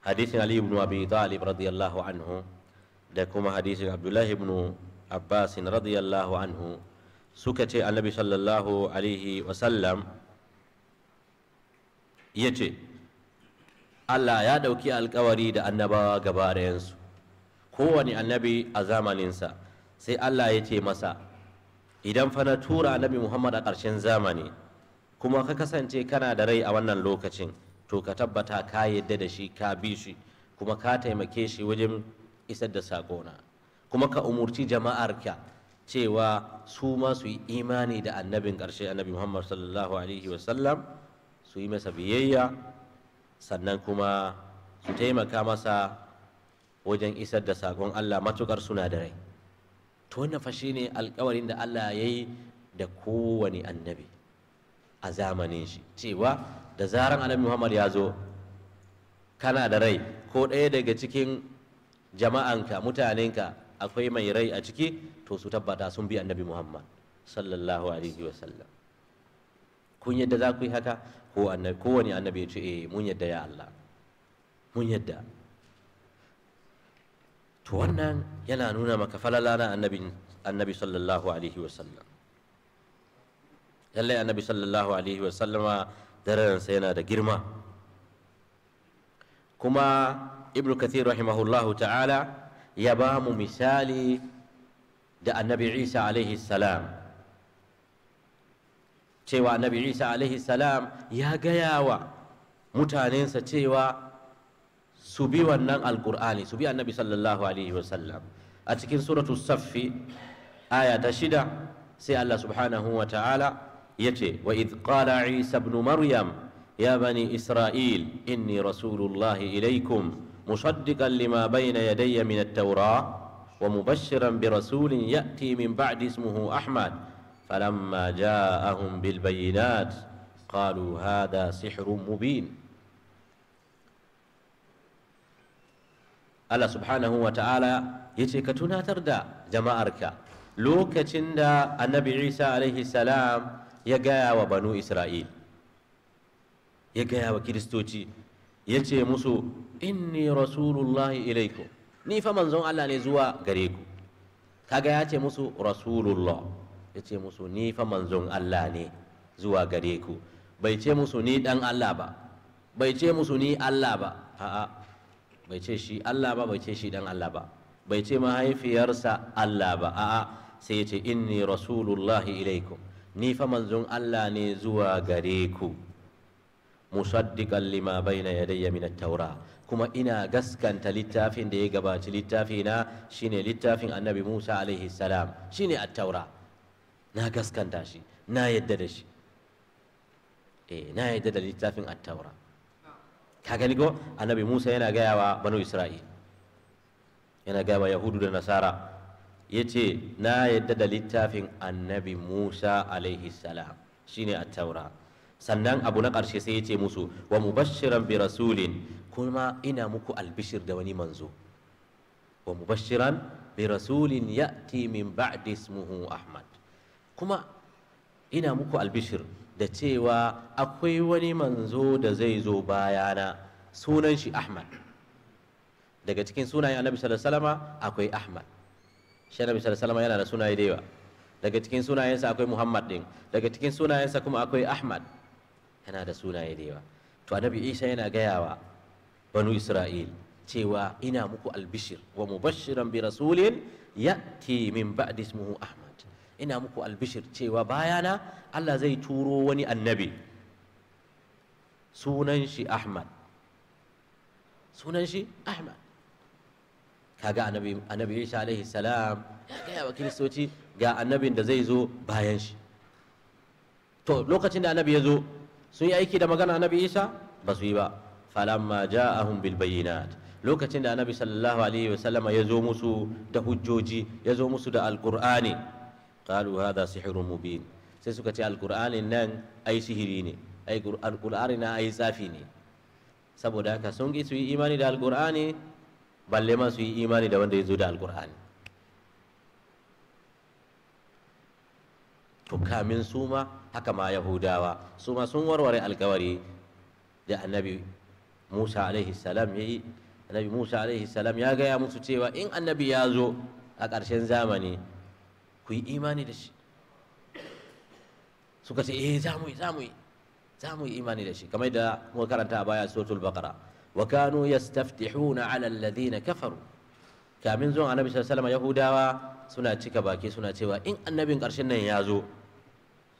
hadisin ali ibn abi talib radiyallahu anhu da kuma hadisin abdullahi ibn abbas radiyallahu anhu suka ce annabi sallallahu alaihi wasallam ya ce allah ya ɗauki alkawari da annabawa gaba ɗayansu kowane annabi a zamaninsa sai allah ya ce masa idan fa na tura annabi muhammad a ƙarshen zamani kuma ka kasance kana da rai a wannan lokacin to ka tabbata ka yadda da shi ka bi shi kuma ka taimake shi wajen isar da sakona kuma ka umurci jama'arka cewa su ma su yi imani da annabin ƙarshe annabi muhammad sallallahu alaihi wasallam su yi masa biyayya sannan kuma su taimaka masa wajen isar da sakon allah matukar suna da rai to wannan fa shine alƙawarin da allah ya yi da kowane annabi a zamanin shi cewa da zaran annabi muhammad ya zo kana da rai ko ɗaya daga cikin jama'anka mutanenka akwai mai rai a ciki to su tabbata sun bi annabi muhammad sallallahu alaihi wa sallam kun yadda za ku yi haka ko wani annabi ya ce eh mun yadda ya allah mun yadda to wannan yana nuna maka falala na annabi sallallahu alaihi wa sallam lallai annabi sallallahu alaihi wa sallama. darajarsa yana da girma kuma ibnu kathir rahimahullahu ta'ala ya ba mu misali da annabi isa alaihi salam cewa annabi isa alaihi salam ya gaya wa mutanensa cewa su bi wannan alkur'ani su bi annabi sallallahu alaihi wasallam a cikin suratu saffi aya ta shida sai allah subhanahu wa ta'ala يجي وإذ قال عيسى بن مريم يا بني إسرائيل إني رسول الله إليكم مصدقا لما بين يدي من التوراة ومبشرا برسول يأتي من بعد اسمه أحمد فلما جاءهم بالبينات قالوا هذا سحر مبين الله سبحانه وتعالى يتكتنا ya جماركا لو كتندا النبي عيسى عليه السلام ya gaya wa banu isra'il ya gaya wa kiristoci ya ce musu inni rasulullahi ilaiku. ni fa manzon Allah ne zuwa gare ku kaga ya ce musu rasulullah ya ce musu ni fa manzon Allah ne zuwa gare ku bai ce musu ni dan Allah ba bai ce musu ni Allah ba a'a bai ce shi Allah ba bai ce shi dan Allah ba bai ce mahaifiyarsa Allah ba a'a sai ya ce inni rasulullahi ilaikum ni fa manzon Allah ne zuwa gare ku musaddiqan lima bayna yadayya min at-taura kuma ina gaskanta littafin da ya gabaci littafi na shine littafin annabi Musa alaihi salam shine at-taura na gaskanta shi na yadda da shi eh na yadda da littafin at-taura ka gani ko annabi Musa yana gaya wa banu Isra'il yana gaya wa yahudu da nasara ya ce na yadda da littafin annabi musa alaihi salam shine a taura sannan abu na ƙarshe sai ya ce musu wa bashiran bi rasulin kuma ina muku albishir da wani manzo wa bashiran bi rasulin ya'ti min ba'di ismuhu ahmad kuma ina muku albishir da cewa akwai wani manzo da zai zo bayana sunan shi ahmad daga cikin sunayen annabi sallallahu alaihi akwai ahmad shi annabi sallallahu alaihi yana da sunaye da yawa daga cikin sunayensa akwai muhammad din daga cikin sunayensa kuma akwai ahmad yana da sunaye da yawa to annabi isa yana gaya wa banu isra'il cewa ina muku albishir wa mubashiran bi rasulin ya'ti min ba'di ismuhu ahmad ina muku albishir cewa bayana Allah zai turo wani annabi sunan shi ahmad sunan shi ahmad kaga annabi annabi Isa alaihi salam ya gaya wa kiristoci ga annabin da zai zo bayan shi to lokacin da annabi ya zo sun yi aiki da magana annabi Isa ba su yi ba falamma ja'ahum bil bayyinat lokacin da annabi sallallahu alaihi wa sallam, ya zo musu da hujjoji ya zo musu da alqur'ani qalu hadha sihrun mubin sai suka ce alqur'anin nan ai sihiri ne ai alqur'ani na ai tsafi ne saboda haka sun ki su yi imani da alqur'ani balle ma su yi imani da wanda ya zo da alkur'ani to kamin su ma haka ma yahudawa su ma sun warware alkawari da annabi musa alaihi salam ya yi annabi musa alaihi salam ya gaya musu cewa in annabi ya zo a ƙarshen zamani ku yi imani da shi suka ce eh za mu yi za mu yi za mu yi imani da shi kamar da muka karanta a baya suratul baqara wa kanu yastaftihuna ala alladhina kafaru kamin zuwan anabi sallallahu alaihi wasallam yahudawa suna cika baki suna cewa in annabin karshen nan ya zo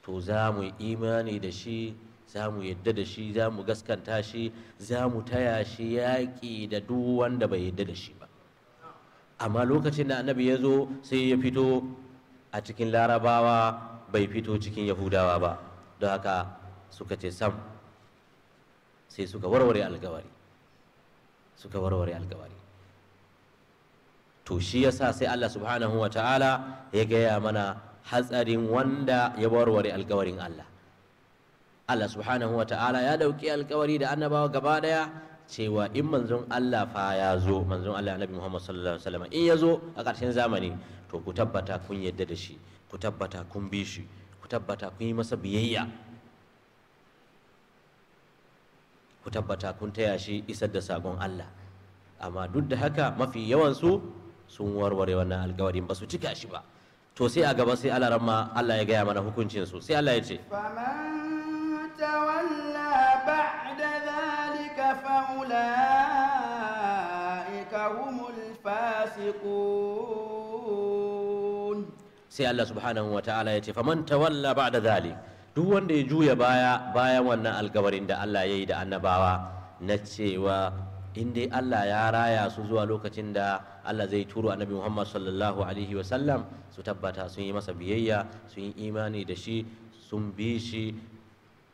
to za mu imani da shi za mu yadda da shi za mu gaskanta shi za mu taya shi yaƙi da duk wanda bai yadda da shi ba amma lokacin da annabi ya zo sai ya fito a cikin larabawa bai fito cikin yahudawa ba don haka suka ce sam sai suka warware alkawari suka warware alkawari to shi sa sai Allah subhanahu wa ta'ala ya gaya mana hatsarin wanda ya warware alkawarin Allah Allah subhanahu wa ta'ala ya dauki alkawari da annabawa gaba daya cewa in manzon Allah fa ya zo manzon Allah Annabi Muhammad sallallahu alaihi wasallam in ya zo a ƙarshen zamani to ku tabbata kun yadda da shi ku tabbata kun bi shi ku tabbata kun yi masa biyayya ku tabbata kun taya shi isar da sabon Allah amma duk da haka mafi yawan su sun warware wannan alkawarin ba su cika shi ba to sai a gaba sai Allah ramma Allah ya gaya mana hukuncin su sai Allah ya ce ba'da sai Allah subhanahu wa ta'ala ya ce faman tawalla ba'da dhalika duk wanda ya juya baya bayan wannan alkawarin da Allah ya yi da annabawa na cewa in dai Allah ya raya su zuwa lokacin da Allah zai turo annabi Muhammad sallallahu alaihi wa sallam su tabbata sun yi masa biyayya sun yi imani da shi sun bi shi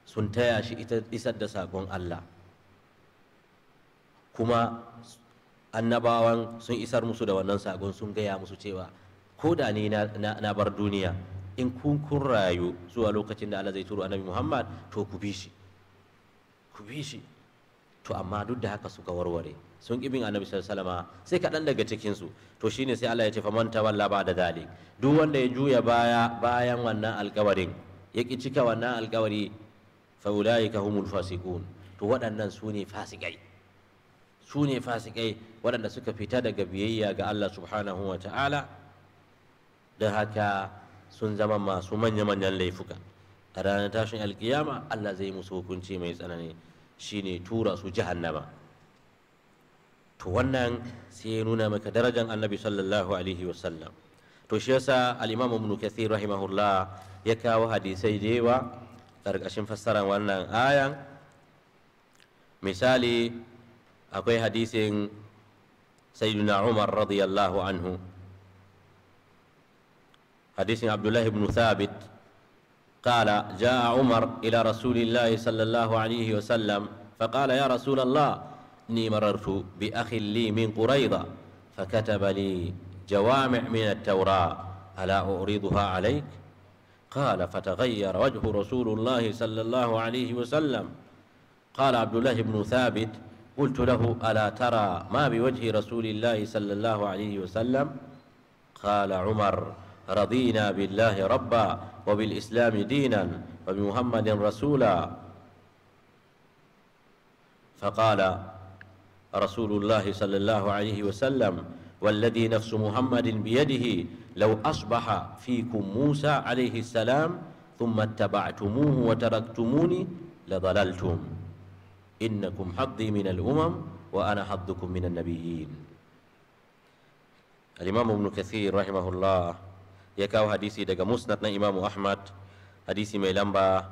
sun taya shi isar da sakon Allah kuma annabawan sun isar musu da wannan sakon sun gaya musu cewa ko da ni na bar duniya in kun kun rayu zuwa lokacin da Allah zai turo annabi Muhammad to ku bi shi ku bi shi to amma duk da haka suka warware sun ƙi bin annabi sallallahu sai kaɗan daga cikin su to shine sai Allah ya ce faman tawalla ba'da da dalik duk wanda ya juya baya bayan wannan alƙawarin ya ƙi cika wannan alƙawari fa ulaika humul fasiqun to waɗannan su ne fasikai su ne fasikai waɗanda suka fita daga biyayya ga Allah subhanahu wa ta'ala da haka sun zama masu manya-manyan laifuka a ranar tashin alkiyama Allah zai musu hukunci mai tsanani shine tura su jahannama to wannan sai ya nuna maka darajar annabi sallallahu alaihi wasallam to shi yasa al-imam ibn kathir rahimahullah ya kawo hadisai da yawa karkashin fassarar wannan ayan misali akwai hadisin sayyidina umar radiyallahu anhu حديث عبد الله بن ثابت قال جاء عمر إلى رسول الله صلى الله عليه وسلم فقال يا رسول الله إني مررت بأخ لي من قريضة فكتب لي جوامع من التوراة ألا أعرضها عليك؟ قال فتغير وجه رسول الله صلى الله عليه وسلم قال عبد الله بن ثابت قلت له ألا ترى ما بوجه رسول الله صلى الله عليه وسلم؟ قال عمر رضينا بالله ربا وبالإسلام دينا وبمحمد رسولا فقال رسول الله صلى الله عليه وسلم والذي نفس محمد بيده لو أصبح فيكم موسى عليه السلام ثم اتبعتموه وتركتموني لضللتم إنكم حظي من الأمم وأنا حظكم من النبيين الإمام ابن كثير رحمه الله ya kawo hadisi daga musnad na imamu ahmad hadisi mai lamba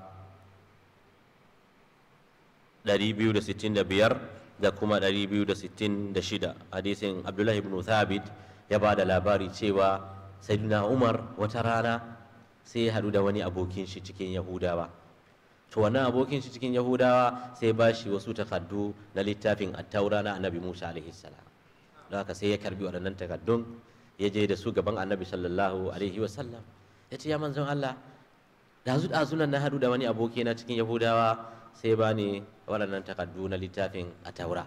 265 da kuma 266 hadisin abdullahi ibn thabit ya ba da labari cewa sayyidina umar wata rana sai ya haɗu da wani abokin shi cikin yahudawa to wannan abokin shi cikin yahudawa sai ba shi wasu takardu na littafin attaura na annabi musa alaihi salam don haka sai ya karbi waɗannan takardun. ya je da su gaban annabi sallallahu alaihi wasallam ya ce ya manzon Allah dazu dazunan na hadu da wani aboki na cikin yahudawa sai ba ni waɗannan takardu na littafin a taura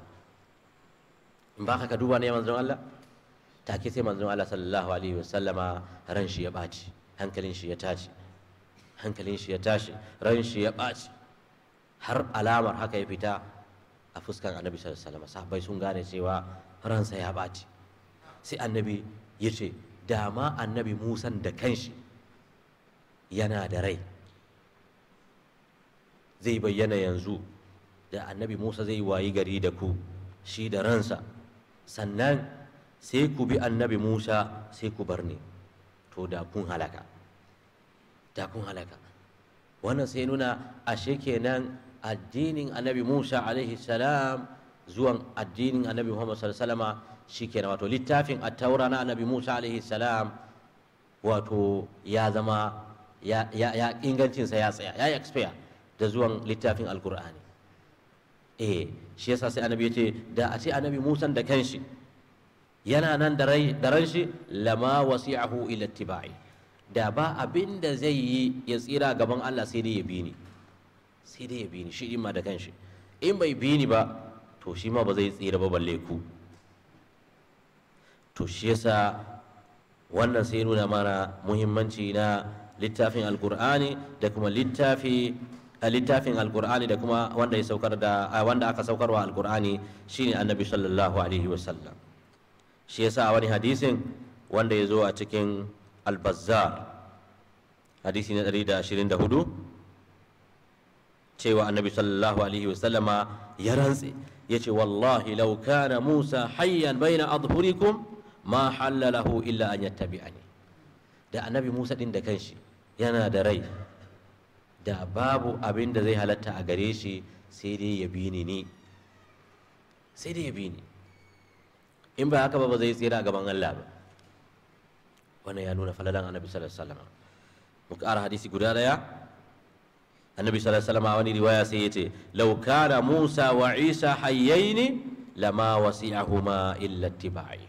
in ba ka duba ne ya manzon Allah take sai manzon Allah sallallahu alaihi wasallama ran shi ya ɓaci hankalin shi ya tashi hankalin shi ya tashi ran shi ya ɓaci har alamar haka ya fita a fuskan annabi sallallahu alaihi wasallama sahabbai sun gane cewa ransa ya baci sai annabi ya ce dama annabi musan da kanshi yana da rai zai bayyana yanzu da annabi musa zai wayi gari da ku shi da ransa sannan sai ku bi annabi musa sai ku bar ni to da kun halaka da kun halaka wannan sai nuna ashe kenan addinin annabi musa alaihi zuwan addinin annabi muhammad sallallahu alaihi shikenan wato littafin attaura na annabi musa alaihi salam wato ya zama ya ingancinsa ya tsaya ya expire da zuwan littafin alkur'ani eh shi yasa sai annabi ya ce da a ce annabi musa da kanshi yana nan da ran shi lama wasi'ahu ila tibai da ba abin da zai yi ya tsira gaban Allah sai dai ya bi ni sai dai ya bi ni shi ma da kanshi in bai bi ni ba to shi ma ba zai tsira ba balle ku to shi yasa wannan sai nuna mana muhimmanci na littafin alkur'ani da kuma littafi littafin alkur'ani da kuma wanda ya saukar da wanda aka saukar saukarwa alkur'ani shine annabi sallallahu alaihi wasallam shi yasa a wani hadisin wanda ya zo a cikin albazar hadisi na 124 cewa annabi sallallahu alaihi wasallama ya rantse ya ce wallahi law kana musa hayyan baina adhurikum ma halalahu illa an yattabi'ani da annabi Musa din da kanshi yana da rai da babu abin da zai halatta a gare shi sai dai ya bi ni sai dai ya bi ni in ba haka ba ba zai tsira a gaban Allah ba wannan ya nuna falalan annabi sallallahu alaihi wasallam mu ƙara hadisi guda daya annabi sallallahu alaihi wasallam a wani riwaya sai yace law kana Musa wa Isa hayyaini lama wasi'ahuma illa tibai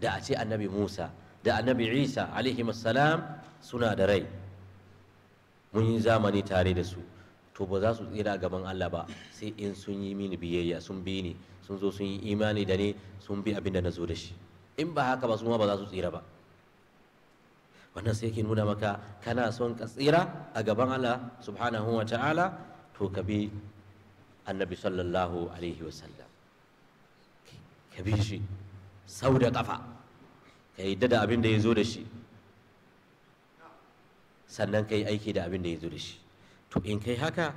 da a ce annabi musa da annabi isa alaihimassalam suna da rai mun yi zamani tare da su to ba za su tsira gaban allah ba sai in sun yi mini biyayya sun bi ni sun zo sun yi imani da ni sun bi abin da na zo da shi in ba haka ba su ma ba za su tsira ba wannan sai yake nuna maka kana son ka tsira a gaban allah subhanahu wa ta'ala to ka bi annabi sallallahu alaihi wasallam ka bi shi sau da ƙafa ka yadda da abin da ya zo da shi sannan ka yi aiki da abin da ya zo da shi to in kai haka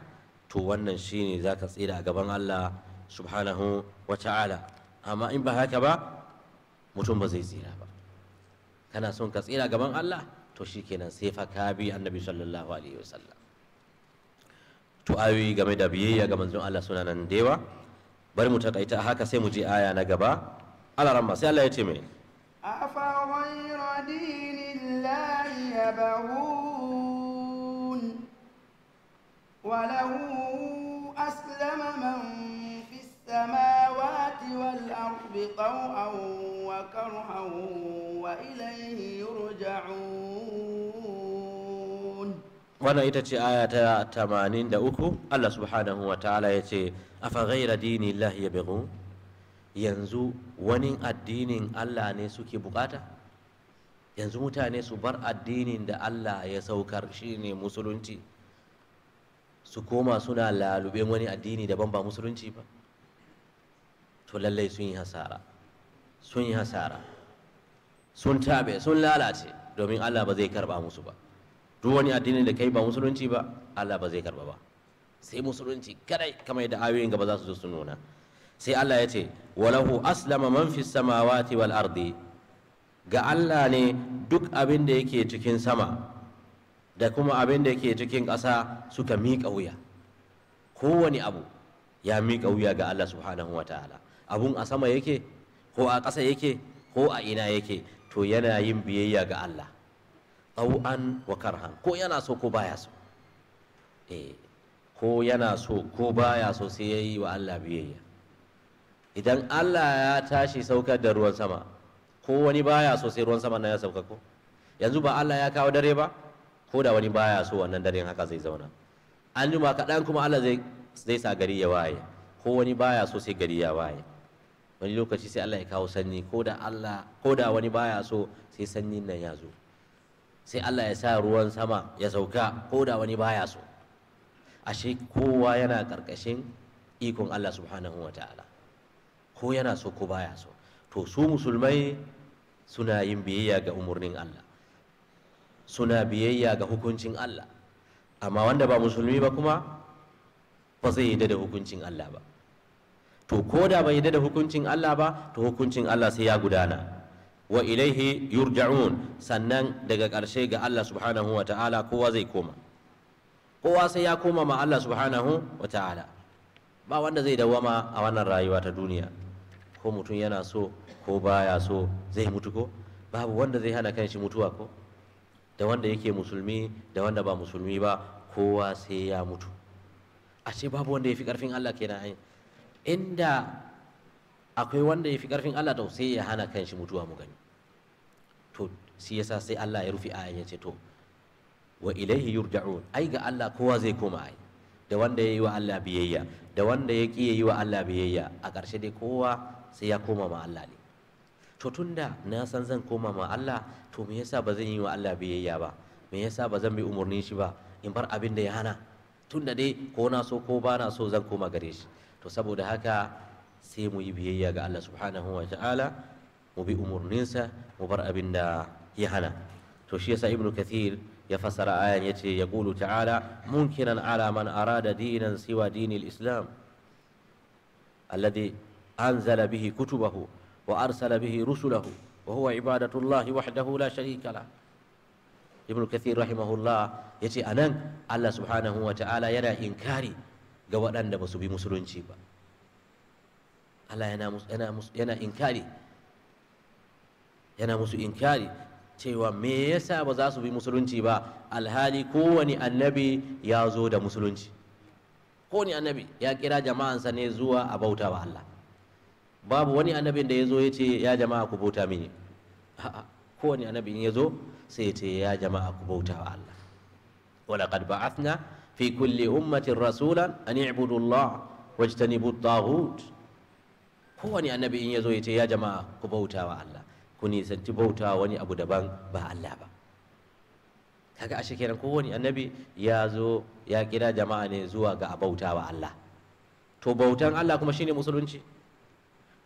to wannan shi ne za ka tsira a gaban Allah subhanahu wa ta'ala amma in ba haka ba mutum ba zai tsira ba kana son ka tsira a gaban Allah to shi kenan sai fa ka bi annabi sallallahu alaihi wasallam to ayoyi game da biyayya ga manzon Allah suna nan da yawa bari mu takaita haka sai mu je aya na gaba على رمس يلا يتمين أفغير دين الله يبغون وله أسلم من في السماوات والأرض طوعا وكرها وإليه يرجعون وانا يتتي آية تمانين دوكو الله سبحانه وتعالى يتي أفغير دين الله يبغون yanzu wani addinin Allah ne suke bukata yanzu mutane su bar addinin da Allah ya saukar shine musulunci su koma suna lalube wani addini daban ba musulunci ba to lallai sun yi hasara sun yi hasara sun tabe sun lalace domin Allah ba zai karba musu ba duk wani addini da kai ba musulunci ba Allah ba zai karba ba sai musulunci kadai kamar yadda ayoyin gaba za su zo su nuna sai Allah ya ce walahu aslama man fi samawati wal ardi ga Allah ne duk abin da yake cikin sama da kuma abin da yake cikin ƙasa suka miƙa wuya kowane abu ya miƙa wuya ga Allah subhanahu wa ta'ala abun a sama yake ko a ƙasa yake ko a ina yake to yana yin biyayya ga Allah wa karhan ko yana so ko baya so eh, ko yana so ko baya so sai yayi wa Allah biyayya idan Allah ya tashi saukar da ruwan sama ko wani baya so sai ruwan sama na ya sauka ko yanzu ba Allah ya kawo dare ba ko da wani baya so wannan daren haka zai zauna an juma kaɗan kuma Allah zai zai sa gari ya waye ko wani baya so sai gari ya waye wani lokaci sai Allah ya kawo sanyi ko da Allah ko da wani baya so sai sanyin nan ya zo sai Allah ya sa ruwan sama ya sauka ko da wani baya so ashe kowa yana ƙarƙashin ikon Allah subhanahu wa ta'ala ko yana so ko baya so to su musulmai suna yin biyayya ga umarnin Allah suna biyayya ga hukuncin Allah amma wanda ba musulmi ba kuma ba zai yadda da hukuncin Allah ba to ko da bai yadda da hukuncin Allah ba to hukuncin Allah sai ya gudana wa ilaihi yurja'un sannan daga ƙarshe ga Allah subhanahu wa ta'ala kowa zai koma kowa sai ya koma ma Allah subhanahu wa ta'ala ba wanda zai dawama a wannan rayuwa ta duniya ko mutum yana so ko baya so zai mutu ko babu wanda zai hana kanshi mutuwa ko da wanda yake musulmi da wanda ba musulmi ba kowa sai ya mutu a ce babu wanda ya fi karfin Allah kenan ai inda akwai wanda ya fi karfin Allah to sai ya hana kanshi mutuwa mu gani to shi yasa sai Allah ya rufe ayan ya ce to wa ilaihi yurja'un ai ga Allah kowa zai koma ai da wanda ya yi wa Allah biyayya da wanda ya ƙi yi wa Allah biyayya a ƙarshe dai kowa sai ya koma ma Allah ne to tunda na san zan koma ma Allah to me yasa ba zan yi wa Allah biyayya ba me yasa ba zan bi umarnin shi ba in bar abin da ya hana tunda dai ko na so ko ba na so zan koma gare shi to saboda haka sai mu yi biyayya ga Allah subhanahu wa ta'ala mu bi umarninsa mu bar abin da ya hana to shi yasa ibnu kathir ya fasara ayan yace yaqulu ta'ala munkiran ala man arada dinan siwa dinil islam alladhi أنزل به كتبه وأرسل به رسله وهو عبادة الله وحده لا شريك له ibn kathir rahimahullah ya ce a nan allah subhanahu wa ta'ala yana inkari ga waɗanda ba su bi musulunci ba allah yana inkari yana musu inkari cewa me yasa ba za su bi musulunci ba alhali kowane annabi ya zo da musulunci kowane annabi ya kira jama'ansa ne zuwa a bauta wa allah babu wani annabin da ya zo ya ce ya jama'a ku bauta mini kowane annabi in ya zo sai ya ce ya jama'a ku bauta wa Allah wa laqad ba'athna fi kulli ummatin rasulan an i'budu Allah wajtanibu at-taghut kowane annabi in ya ya jama'a ku bauta Allah ku nisanci bauta wani abu daban ba Allah ba kaga ashe kenan kowane annabi ya zo ya kira jama'a ne zuwa ga abautawa Allah to bautan Allah kuma shine musulunci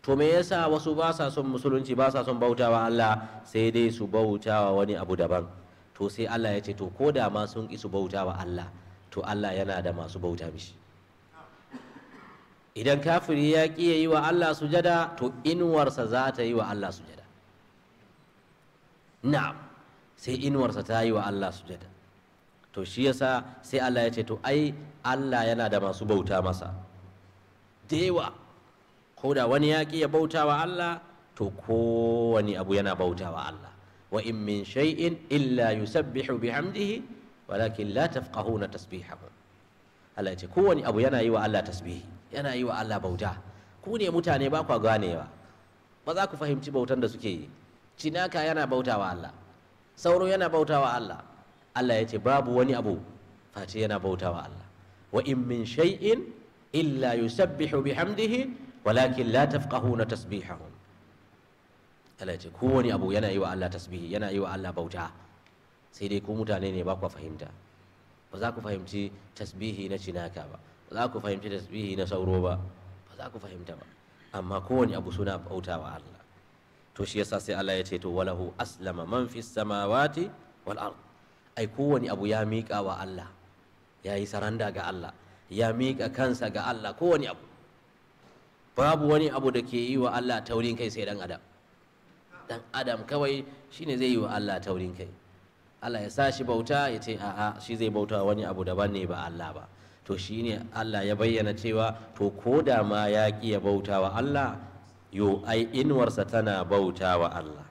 to me yasa wasu ba sa son musulunci ba sa son bautawa Allah sai dai su bautawa wani abu daban to sai Allah ya ce to ko da ma sun isu bautawa Allah to Allah yana da masu bauta mishi idan kafiri ya ki yi wa Allah sujada to inuwarsa za ta yi wa Allah sujada na'am sai inuwarsa ta yi wa Allah sujada to shi yasa sai Allah ya ce to ai Allah yana da masu bauta masa da yawa ko da wani ya ƙi ya bautawa Allah to kowani abu yana bauta wa Allah wa in min shay'in illa yusabbihu bihamdihi walakin la tafqahuna tasbihahu Allah ce kowani abu yana yi wa Allah tasbihi yana yi wa Allah bauta ku ne mutane ba kwa ganewa ba za ku fahimci bautan da suke yi cinaka yana bauta wa Allah sauro yana bauta wa Allah Allah ya ce babu wani abu face yana bauta wa Allah wa in min shay'in illa yusabbihu bihamdihi walakin la na tasbihahum Allah ce kowane abu yana yi wa Allah tasbihi yana yi wa Allah bauta sai dai ku mutane ne ba ku fahimta ba za ku fahimci tasbihi na cinaka ba ba za ku fahimci tasbihi na sauro ba ba za ku fahimta ba amma kowane abu suna bauta wa Allah to shi yasa sai Allah ya ce to walahu aslama man fis samawati wal ard ai kowane abu ya miƙa wa Allah ya yi saranda ga Allah ya miƙa kansa ga Allah kowane abu babu wani abu da ke yi wa Allah taurin kai sai dan adam dan adam kawai shine zai yi wa Allah taurin kai Allah ya sa shi bauta ya ce a'a shi zai bauta wani abu daban ne ba Allah ba to shine Allah ya bayyana cewa to ko da ma ya ki ya bauta wa Allah yo ai inwarsa tana bauta wa Allah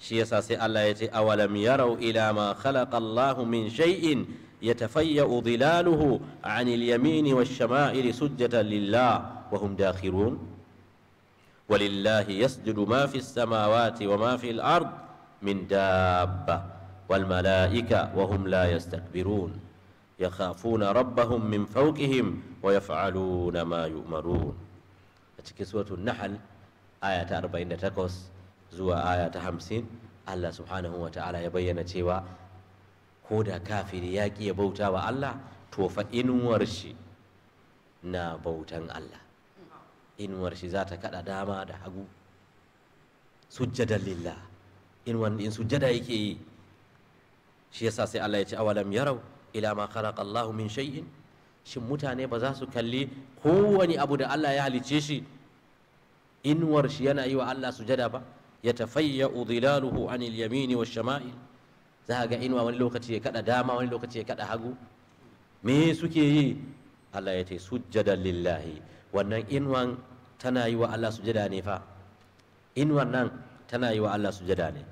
shi yasa sai Allah ya ce awalam yarau ila ma khalaqa Allahu min shay'in yatafayyu dhilaluhu 'anil yamini wash-shama'ili sujjatan lillah وهم داخرون ولله يسجد ما في السماوات وما في الأرض من دابة والملائكة وهم لا يستكبرون يخافون ربهم من فوقهم ويفعلون ما يؤمرون أتكي سورة النحل آية تكوس زوى آية 50 الله سبحانه وتعالى يبين تيوى كودا كافر ياكي يبوتا kafiri ya ƙi ya bauta wa Allah inuwar shi za ta kada dama da hagu sujjadan lillah in in sujjada yake yi shi yasa sai Allah ya ce awalam yarau ila ma khalaqa Allahu min shay'in shin mutane ba za su kalli kowani abu da Allah ya halice shi inuwar shi yana yi wa Allah sujada ba ya tafayya udhilaluhu anil yamini wash shama'il za ga inuwa wani lokaci ya kada dama wani lokaci ya kada hagu me suke yi Allah ya ce sujjadan lillahi wannan inuwan tana yi wa Allah sujada ne fa inuwan nan tana yi wa Allah sujada ne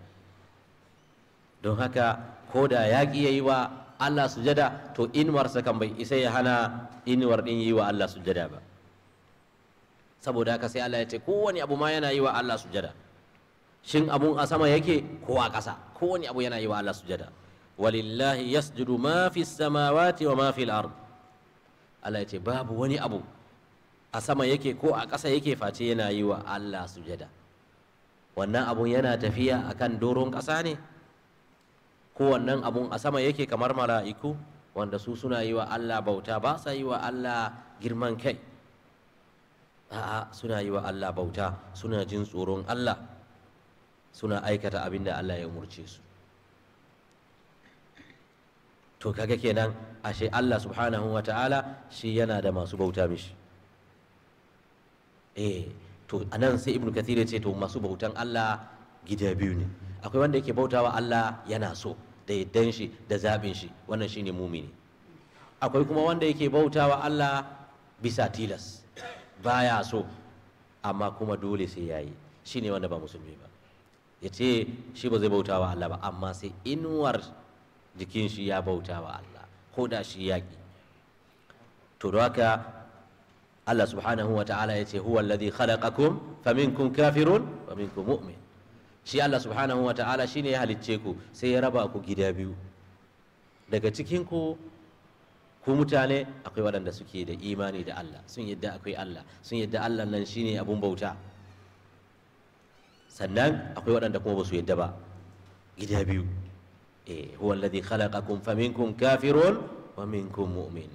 don haka ko da ya ƙi yi wa Allah sujada to inuwarsa kan bai isa ya hana inuwar ɗin yi wa Allah sujada ba saboda haka sai Allah ya ce kowane abu ma yana yi wa Allah sujada shin abun a sama yake ko a ƙasa kowane abu yana yi wa Allah sujada walillahi yasjudu ma fi samawati wa ma fil ard Allah ya ce babu wani abu a sama yake ko a ƙasa yake face yana yi wa Allah sujada wannan abun yana tafiya a kan doron ƙasa ne ko wannan abun a sama yake kamar mala'iku wanda su suna yi wa Allah bauta ba sa yi wa Allah girman kai a'a suna yi wa Allah bauta suna jin tsoron Allah suna aikata abin da Allah ya umurce su to kaga kenan ashe Allah subhanahu wa ta'ala shi yana da masu bauta mishi eh to nan sai ibnu kathir ya ce to masu bautan Allah gida biyu ne akwai wanda yake bautawa Allah yana so da yaddan shi da zaɓin shi wannan shine mumini akwai kuma wanda yake bautawa Allah bisa tilas baya so amma kuma dole sai yayi shine wanda ba musulmi ba ya ce shi ba zai bautawa Allah ba amma sai inuwar jikin shi ya bautawa Allah ko da shi yaƙi to da haka Allah subhanahu wa ta'ala ya ce huwa alladhi khalaqakum faminkum kafirun wa minkum mu'min shi Allah subhanahu wa ta'ala shine ya halicce ku sai ya raba ku gida biyu daga cikin ku ku mutane akwai waɗanda suke da imani da Allah sun yadda akwai Allah sun yadda Allah nan shine abun bauta sannan akwai waɗanda kuma ba su yadda ba gida biyu eh huwa alladhi khalaqakum faminkum kafirun wa minkum mu'min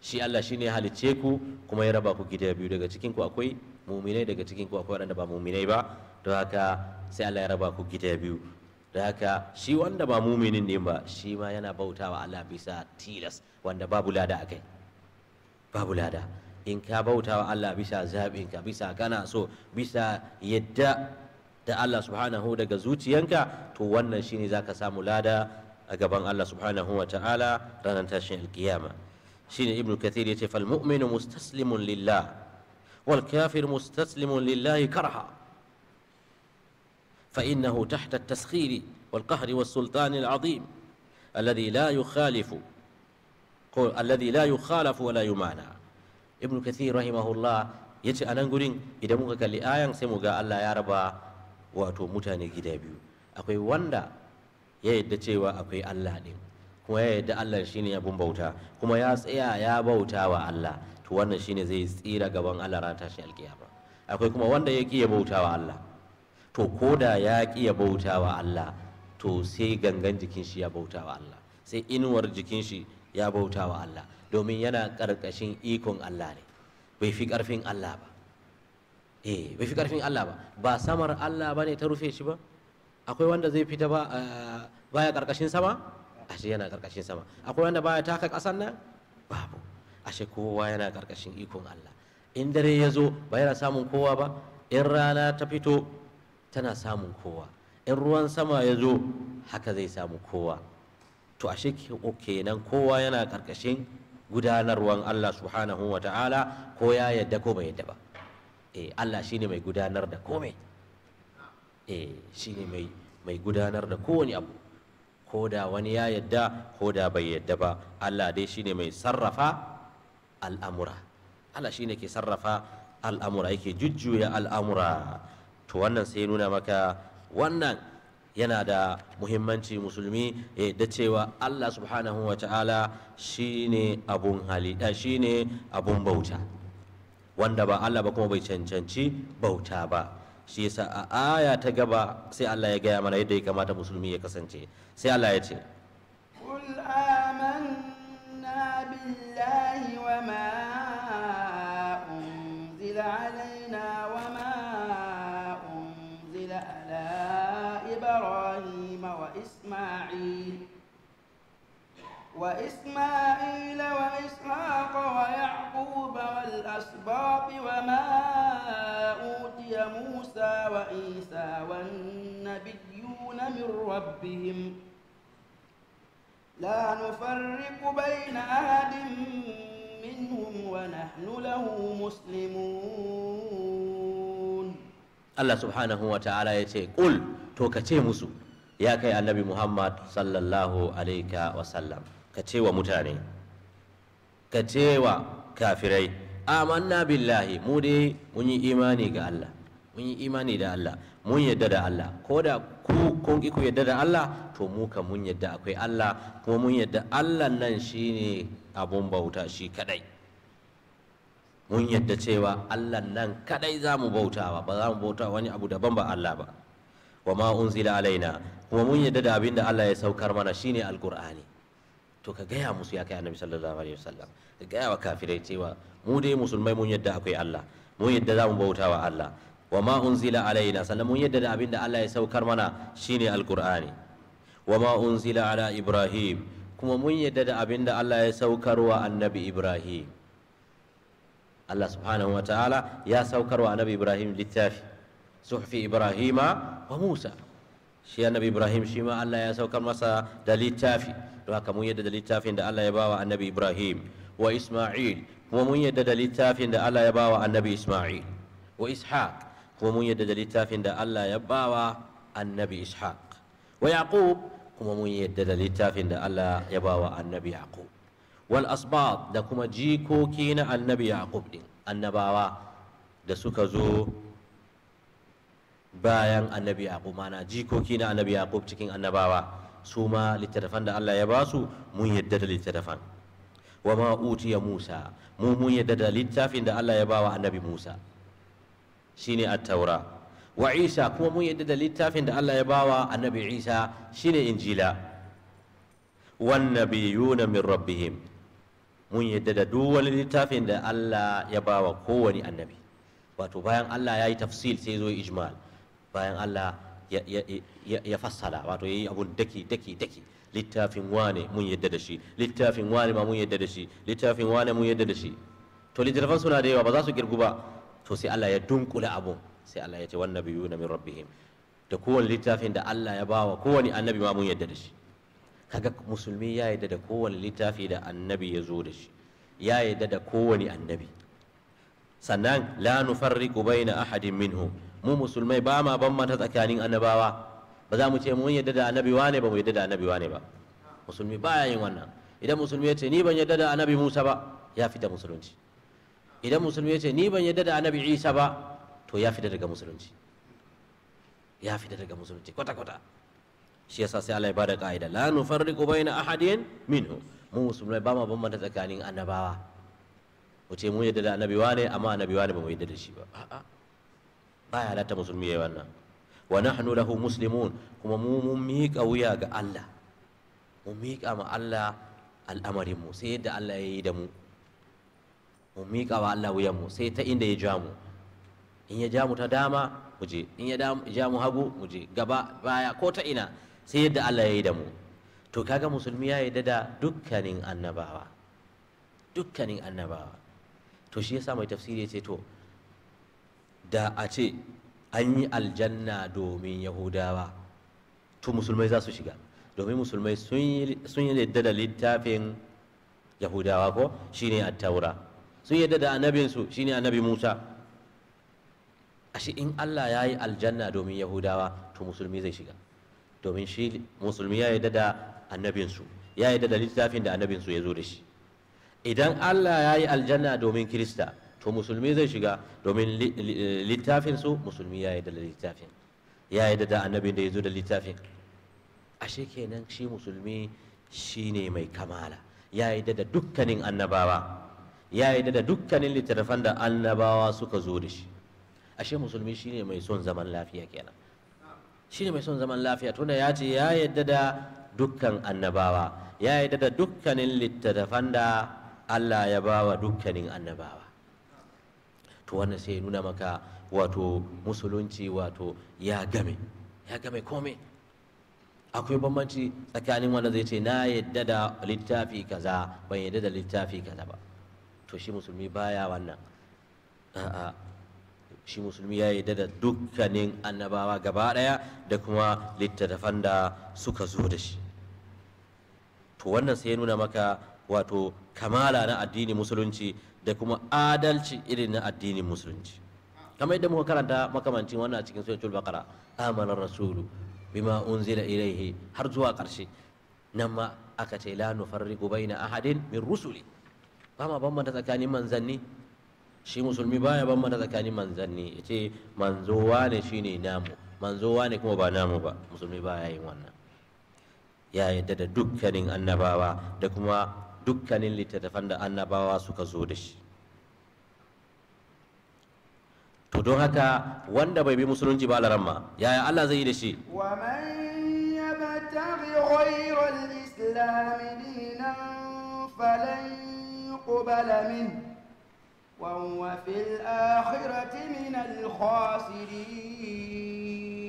shi Allah shine ya halicce ku kuma ya raba ku gida biyu daga cikin ku akwai muminai daga cikin ku akwai wanda ba muminai ba don haka sai Allah ya raba ku gida biyu don haka shi wanda ba muminin ne ba shi ma yana bautawa Allah bisa tilas wanda babu lada a kai babu lada in ka bautawa Allah bisa ka bisa kana so bisa yadda da Allah subhanahu daga zuciyanka to wannan shine zaka samu lada a gaban Allah subhanahu wa ta'ala ranar tashin alkiyama شين ابن كثير فالمؤمن مستسلم لله والكافر مستسلم لله كرها فإنه تحت التسخير والقهر والسلطان العظيم الذي لا يخالف الذي لا يخالف ولا يمانع ابن كثير رحمه الله يتي أنا نقول إذا مغك لآيان سموغا الله يا ربا واتو متاني كدابيو أقوي واندا يهد تشيوا أقوي الله نيم kuma ya yarda Allah shine abun bauta kuma ya tsaya ya bauta wa Allah to wannan shine zai tsira gaban Allah ran tashin alkiyama akwai kuma wanda ya kiya bauta wa Allah to ko da ya kiya bauta wa Allah to sai gangan jikin shi ya bauta wa Allah sai inuwar jikin shi ya bauta wa Allah domin yana karkashin ikon Allah ne bai fi karfin Allah ba eh bai fi karfin Allah ba ba samar Allah bane ta rufe shi ba akwai wanda zai fita ba eh, baya karkashin sama ashe yana karkashin sama akwai wanda baya taka kasan nan babu ashe kowa yana karkashin ikon Allah in dare ya zo ba yana samun kowa ba in rana ta fito tana samun kowa in ruwan sama ya zo haka zai samu kowa to ashe kenan kowa yana karkashin gudanarwan Allah subhanahu wa ta'ala ko ya yadda ko bai yadda ba eh Allah shine mai gudanar da komai eh shine mai mai gudanar da kowane abu ko da wani ya yadda ko da bai yadda ba Allah dai shine mai sarrafa al'amura Allah shine ke sarrafa al'amura yake jujjuya al'amura to wannan sai nuna maka wannan yana da muhimmanci musulmi ya yadda cewa Allah subhanahu wa ta'ala shine abun halida shine abun bauta wanda ba Allah ba kuma bai cancanci bauta ba shi yasa a aya ta gaba sai Allah ya gaya mana yadda ya kamata musulmi ya kasance sai Allah ya ce qul amanna billahi وإسماعيل وإسحاق ويعقوب والأسباط وما أوتي موسى وإيسى والنبيون من ربهم لا نفرق بين أحد منهم ونحن له مسلمون الله سبحانه وتعالى يتي قل توكتي موسو يا كي النبي محمد صلى الله عليه وسلم ka ce wa mutane ka ce wa kafirai amanna billahi mu dai mun yi imani ga Allah mun yi imani da Allah mun yadda da Allah ko da ku kun ki ku yadda da Allah to mu ka mun yadda akwai Allah kuma mun yadda Allah nan shine abun bauta shi kadai mun yadda cewa Allah nan kadai za mu bauta ba za mu bauta wani abu daban ba Allah ba wa ma unzila alaina kuma mun yadda da abinda Allah ya saukar mana shine alqur'ani تو كجاه موسى كأي يعني النبي صلى الله عليه وسلم كجاه وكافرين توا مودي مسلم ما يمون يدعك يا الله مون يدعك أم بوتها يا الله وما أنزل علينا سلم مون يدعك أبين الله يسوع كرمنا شيني القرآن وما أنزل على إبراهيم كم مون يدعك أبين الله يسوع كروا النبي إبراهيم الله سبحانه وتعالى يا سوكر وأنبي إبراهيم للتافي صحف إبراهيم وموسى shi annabi ibrahim shi ma Allah ya saukar masa da littafi don haka mun yadda da littafin da Allah ya bawa annabi ibrahim wa isma'il kuma mun yadda da littafin da Allah ya bawa annabi isma'il wa ishaq kuma mun yadda da littafin da Allah ya bawa annabi ishaq wa yaqub kuma mun yadda da littafin da Allah ya bawa annabi yaqub wal asbat da kuma jikoki na annabi yaqub din annabawa da suka zo bayan annabi yaqub mana jikoki na annabi yaqub cikin annabawa su ma littattafan da Allah ya ba su mun yadda da littattafan wa ma utiya musa mu mun yadda da littafin da Allah ya ba wa annabi musa shine at-taura wa isa kuma mun yadda da littafin da Allah ya ba wa annabi isa shine injila wan nabiyuna min rabbihim mun yadda da duk wani littafin da Allah ya ba wa kowani annabi wato bayan Allah ya yi tafsil sai zo ijmal bayan Allah ya fassala wato yi abun daki daki daki littafin wane mun yadda da shi littafin wane ma mun yadda da shi littafin wane mun yadda da shi to littafan suna da yawa ba za su girgu ba to sai Allah ya dunkule abun sai Allah ya ce wannan wan nabiyuna min rabbihim da kowane littafin da Allah ya bawa kowane annabi ma mun yadda da shi kaga musulmi ya yadda da kowane littafi da annabi ya zo da shi ya yadda da kowane annabi sannan la nufarriqu baina ahadin minhum mu musulmai ba ma ban mata tsakanin annabawa ba za mu ce mun yadda da annabi wane ba mu yadda da annabi wane ba musulmi ba ya yin wannan idan musulmi ya ce ni ban yadda da annabi Musa ba ya fita musulunci idan musulmi ya ce ni ban yadda da annabi Isa ba to ya fita daga musulunci ya fita daga musulunci kwata kwata shi yasa sai Allah ya bada ka'ida la nufarriqu baina ahadin minhu mu musulmai ba ma bambanta tsakanin annabawa mu ce mun yadda da annabi wane amma annabi wane ba mu yadda da shi ba a'a baya lata musulmi yayi wannan wa nahnu lahu muslimun kuma mu mun miƙa wuya ga Allah mu miƙa ma Allah al'amarin mu sai yadda Allah ya yi da mu mu miƙa wa Allah wuyan mu sai ta inda ya ja mu in ya ja mu ta dama mu je in ya ja mu hagu mu je gaba baya ko ta ina sai yadda Allah ya yi da mu to kaga musulmi ya yarda da dukkanin annabawa dukkanin annabawa to shi yasa mai tafsiri ya ce to da a ce an yi aljanna domin yahudawa to musulmai za su shiga domin musulmai sun yi yadda da littafin yahudawa ko shine attaura sun yadda da annabinsu shine annabi musa ashe in allah ya yi aljanna domin yahudawa to musulmi zai shiga domin shi musulmi ya yadda da annabinsu ya yadda da littafin da annabinsu ya zo da shi idan allah ya yi aljanna domin kirista to musulmi zai shiga domin eh, littafin su musulmi ya yi da littafin ya yi da annabin da ya zo da littafin ashe kenan shi musulmi shi ne mai kamala ya yi da dukkanin annabawa ya yi da dukkanin littattafan da annabawa suka zo da shi ashe musulmi shi ne mai son zaman lafiya kenan shi ne mai son zaman lafiya tunda ya ce ya yadda da dukkan annabawa ya yadda da dukkanin littattafan da Allah ya ba wa dukkanin annabawa to wannan sai ya nuna maka wato musulunci wato ya game ya game komai akwai bambanci tsakanin wanda zai ce na yadda da littafi kaza ban yadda da littafi kaza ba to shi musulmi baya wannan a'a shi musulmi ya yadda da dukkanin annabawa gaba daya da kuma littattafan da suka zo da shi to wannan sai ya nuna maka wato kamala na addini musulunci da kuma adalci irin na addinin musulunci kamar yadda muka karanta makamancin wannan a cikin suratul baqara amana rasulu bima unzila ilaihi har zuwa karshe nan ma aka ce la nufarriqu baina ahadin min rusuli ba ma bambanta tsakanin manzanni shi musulmi baya bambanta tsakanin manzanni yace manzo wane shine namu manzo wane kuma ba namu ba musulmi baya yin wannan ya yadda da dukkanin annabawa da kuma dukkanin littattafan da annabawa suka zo da shi to don haka wanda bai bi musulunci ba laramma yaya Allah zai yi da shi wa man yabtaghi ghayra al-islam dinan wa fil akhirati min al-khasirin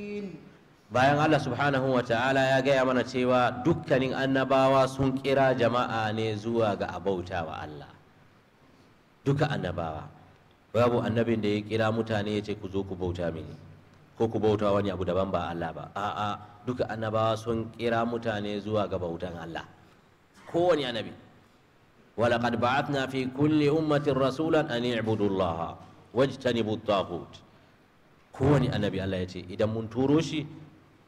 bayan Allah subhanahu wa ta'ala ya gaya mana cewa dukkanin annabawa sun kira jama'a ne zuwa ga abauta wa Allah duka annabawa babu annabin da ya kira mutane ya ce ku zo ku bauta mini ko ku bauta wani abu daban ba Allah ba a'a duka annabawa sun kira mutane zuwa ga bautan Allah kowane annabi ولقد بعثنا في كل أمة رسولا أن اعبدوا الله واجتنبوا الطاغوت كوني النبي الله يتي إذا من توروشي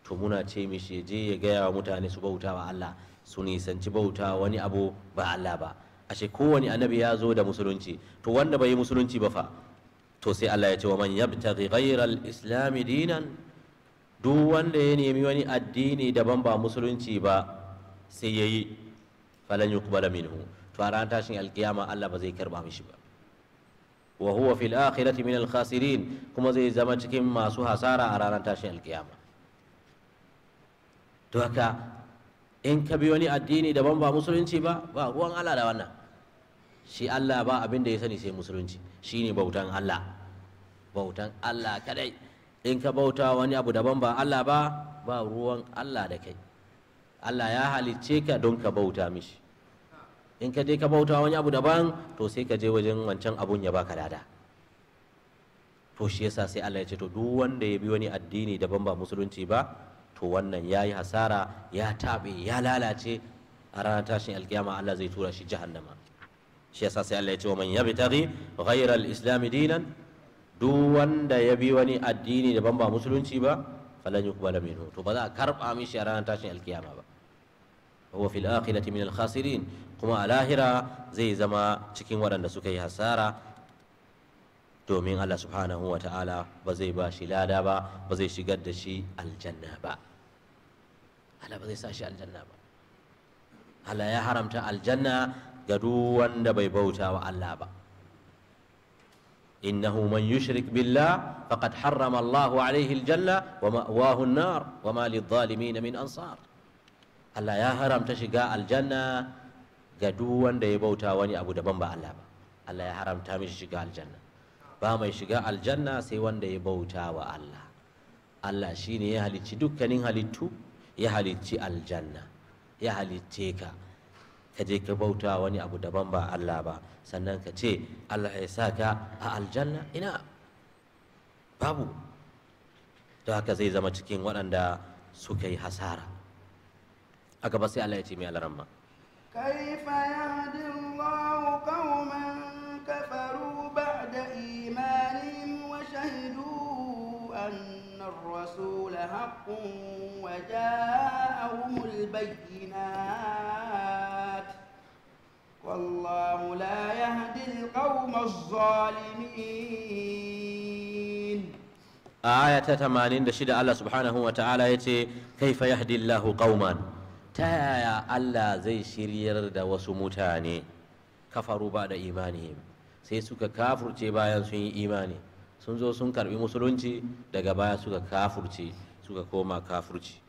to muna ce mishi ya je ya gaya wa mutane su bauta wa Allah su nisanci bauta wani abu ba Allah ba ashe kowane annabi ya zo da musulunci to wanda bai yi musulunci ba fa to sai Allah ya ce wa man yabtaghi ghayra al-islam dinan duk wanda ya nemi wani addini daban ba musulunci ba sai yayi falan yuqbala minhu to a ranar tashin alkiyama Allah ba zai karba mishi ba wa huwa fil akhirati min al-khasirin kuma zai zama cikin masu hasara a ranar tashin alkiyama to haka in ka bi wani addini daban ba musulunci ba ba ruwan Allah da wannan shi Allah ba abin da ya sani sai musulunci shine bautan Allah bautan Allah kadai in ka bauta wani abu daban ba Allah ba ba ruwan Allah da kai Allah ya halicce ka don ka bauta mishi in ka je ka bauta wani abu daban to sai ka je wajen wancan abun ya baka dada to shi yasa sai Allah ya ce to duk wanda ya bi wani addini daban ba musulunci ba to wannan ya yi hasara ya taɓe ya lalace a ranar tashin alkiyama Allah zai tura shi jahannama shi yasa sai Allah ya ce wa man yabtaghi ghayra al-islam dinan duk wanda ya bi wani addini daban ba musulunci ba falan yuqbala minhu to ba za a karba mishi a ranar tashin alkiyama ba huwa fil akhirati min al-khasirin kuma a lahira zai zama cikin waɗanda suka yi hasara domin Allah subhanahu wa ta'ala ba zai ba shi lada ba ba zai shigar da shi aljanna ba Allah ba zai sa shi aljanna ba Allah ya haramta aljanna ga duk wanda bai bauta wa Allah ba innahu man yushrik billah faqad harrama Allahu alaihi aljanna wa ma'wahu an-nar wa ma lidh-dhalimin min ansar Allah ya haramta shiga aljanna ga duk wanda ya bauta wani abu daban ba Allah ba Allah ya haramta mishi shiga aljanna ba mai shiga aljanna sai wanda ya bauta wa Allah Allah shine ya halicci dukkanin halittu ya halicci aljanna ya halicce ka ka je ka bauta wani abu daban ba Allah ba sannan ka ce Allah ya sa ka a aljanna ina babu to haka zai zama cikin waɗanda suka yi hasara a gaba sai Allah ya ce mai alaramma kaifa الرسول حق وجاءهم البينات والله لا يهدي القوم الظالمين آية 86 الله سبحانه وتعالى يتي كيف يهدي الله قوما تايا الله زي شرير دا وسموتاني كفروا بعد إيمانهم سيسوك كافر تبايا سن إيمانهم sun zo sun karbi musulunci daga baya suka kafurce suka koma kafurci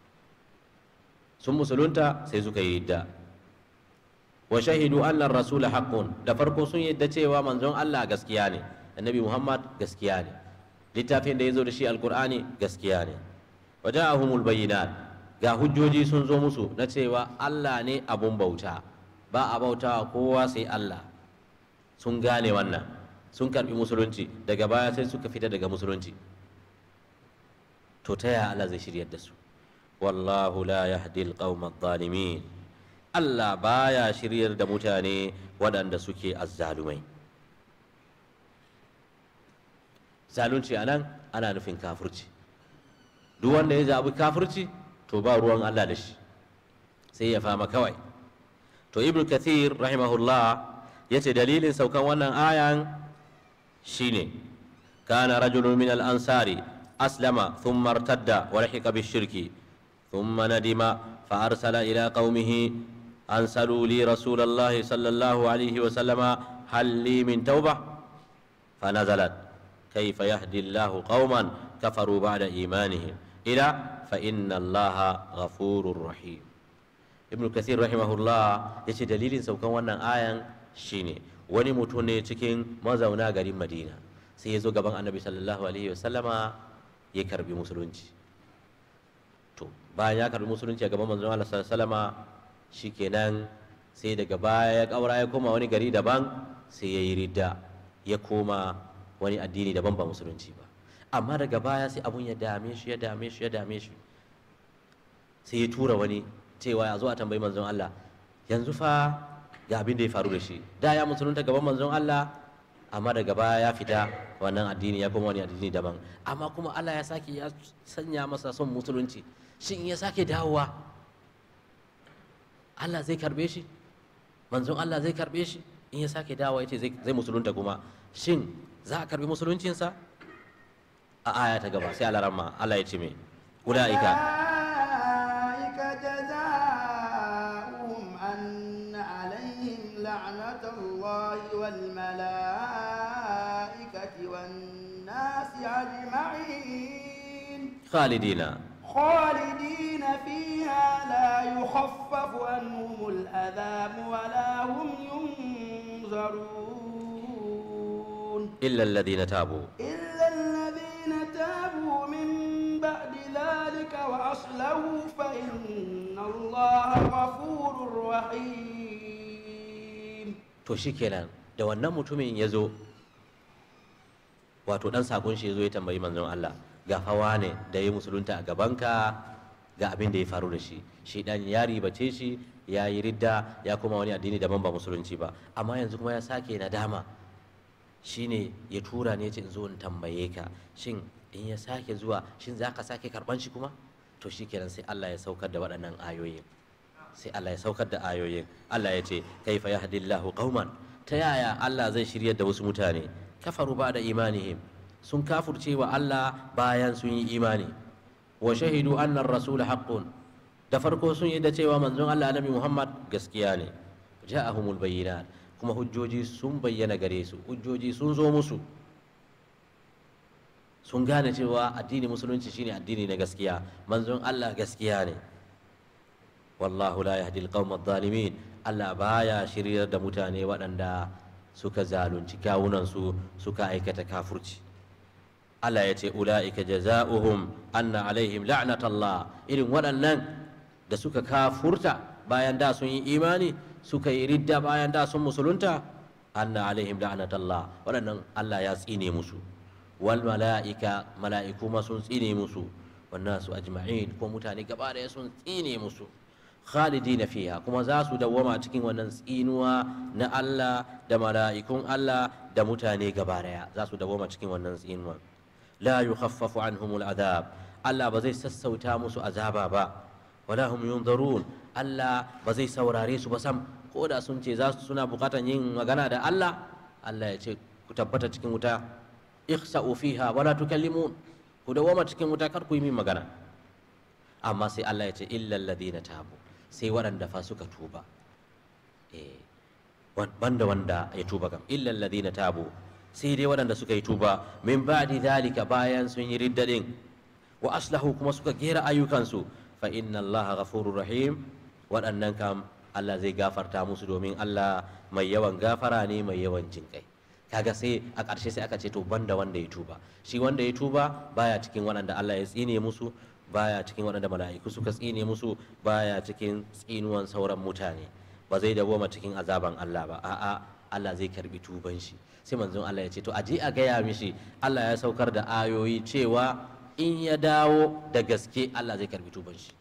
sun musulunta sai suka yi yadda wa shahidu annar rasula haqqun da farko sun yadda cewa manzon Allah gaskiya ne annabi Muhammad gaskiya ne littafin da ya zo da shi alkur'ani gaskiya ne wa ja'ahumul bayyinat ga hujjoji sun zo musu na cewa Allah ne abun bauta ba a bautawa kowa sai Allah sun gane wannan sun karbi musulunci daga baya sai suka fita daga musulunci to ta ya Allah zai shiryar da su wallahu la yahdi alqawma adh Allah baya shiryar da mutane waɗanda suke azzalumai zalunci anan ana nufin kafurci duk wanda ya zabi kafirci to ba ruwan Allah da shi sai ya fama kawai to ibn kathir rahimahullah ya ce dalilin saukan wannan ayan shine kana rajulun minal al-ansari aslama thumma irtadda wa lahiqa shirki thumma nadima fa arsala ila qaumihi an salu li sallallahu alaihi wa sallama hal min tauba fa nazalat kayfa yahdi qauman kafaru ba'da imanihim ila fa inna allah ghafurur rahim ibnu kathir rahimahullah yace dalilin saukan wannan ayan shine wani mutum ne cikin mazauna garin madina sai ya zo gaban annabi sallallahu alaihi wasallama ya karbi musulunci to bayan ya karbi musulunci a gaban manzon Allah sallallahu alaihi wasallama sai daga baya ya kaura ya koma wani gari daban sai ya yi ridda ya koma wani addini daban ba musulunci ba amma daga baya sai abun ya dame shi ya dame shi ya dame shi sai ya tura wani cewa ya zo a tambayi manzon Allah yanzu fa ga abin da ya faru da shi da ya musulunta gaban manzon Allah amma daga baya ya fita wannan addini ya koma wani addini daban amma kuma Allah ya sake ya sanya masa son musulunci shin ya sake dawowa Allah zai karbe shi manzon Allah zai karbe shi in ya sake dawowa yace zai zai musulunta kuma shin za a karbi musuluncinsa a aya ta gaba sai Allah ramma Allah ya ce me ulaika خالدين خالدين فيها لا يخفف عنهم الأذاب ولا هم ينذرون إلا الذين تابوا إلا الذين تابوا من بعد ذلك وأصلوا فإن الله غفور رحيم تشكرا دوانا أن يزو واتو dan sakon shi zo ya ga hawa ne da ya musulunta a gabanka ga abin da ya faru da shi shi yari ya ribace shi ya yi ridda ya kuma wani addini daban ba musulunci ba amma yanzu kuma ya sake nadama shine ya tura ne ce in zo in tambaye ka shin in ya sake zuwa shin za ka sake karban shi kuma to kenan sai Allah ya saukar da waɗannan ayoyin sai Allah ya saukar da ayoyin Allah ya ce kaifa yahdillahu qauman ta yaya Allah zai shiryar da wasu mutane kafaru ba da imanihim sun kafurce wa Allah bayan sun yi imani wa shahidu anna rasul haqqun da farko sun yi da cewa manzon Allah annabi Muhammad gaskiya ne ja'ahumul bayyinat kuma hujjoji sun bayyana gare su hujjoji sun zo musu sun gane cewa addini musulunci shine addini na gaskiya manzon Allah gaskiya ne wallahu la yahdi alqawma adh-dhalimin Allah baya shiryar da mutane waɗanda suka zalunci kawunansu suka aikata kafurci Allah ya ce ula'ika jaza'uhum anna alaihim la'natallah irin waɗannan da suka kafurta bayan da sun yi imani suka yi ridda bayan da sun musulunta anna alaihim la'natallah waɗannan Allah ya tsine musu wal mala'ika mala'iku ma sun tsine musu wannan su ajma'in ko mutane gaba sun tsine musu khalidina fiha kuma za su dawwama cikin wannan tsinuwa na Allah da mala'ikun Allah da mutane gaba daya za su dawwama cikin wannan tsinuwa la yukhaffafu anhumul azab Allah ba zai sassauta musu azaba ba wala hum yunzarun Allah ba zai saurare su ba sam ko da sun ce za su suna bukatan yin magana da Allah Allah ya ce ku tabbata cikin wuta ikhsa'u fiha wala tukallimun ku dawama cikin wuta kar ku yi min magana amma sai Allah ya ce illa alladhina tabu sai suka tuba wanda ya tuba kam sai dai waɗanda suka yi tuba min ba'di dhalika bayan sun yi riddadin wa aslahu kuma suka gera ayyukansu fa inna allaha ghafurur rahim waɗannan kam Allah zai gafarta musu domin Allah mai yawan gafara ne mai yawan kai kaga sai a ƙarshe sai aka ce to banda wanda ya tuba shi wanda ya tuba baya cikin waɗanda Allah ya tsine musu baya cikin waɗanda mala'iku suka tsine musu baya cikin tsinuwan sauran mutane ba zai ma cikin azaban Allah ba a'a Allah zai karbi tuban shi sai manzon Allah ya ce to a je a gaya mishi Allah ya saukar da ayoyi cewa in ya dawo da gaske Allah zai karbi tuban shi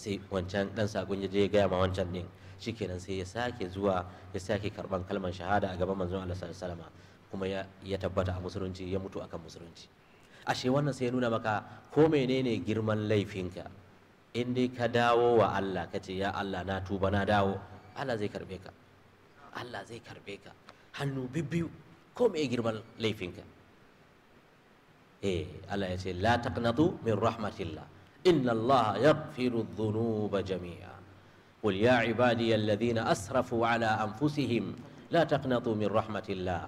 sai wancan dan sakon ya je ya gaya ma wancan din shikenan sai ya sake zuwa ya sake karban kalmar shahada a gaban manzon Allah sallallahu alaihi wasallam kuma ya tabbata a musulunci ya mutu akan musulunci ashe wannan sai ya nuna maka ko menene girman laifinka in dai ka dawo wa Allah ka ce ya Allah na tuba na dawo Allah zai karbe ka الله زي كربيكا هنو ببيو كم إجرب ليفينك إيه الله يسأل لا تقنطوا من رحمة الله إن الله يغفر الذنوب جميعا قل يا عبادي الذين أسرفوا على أنفسهم لا تقنطوا من رحمة الله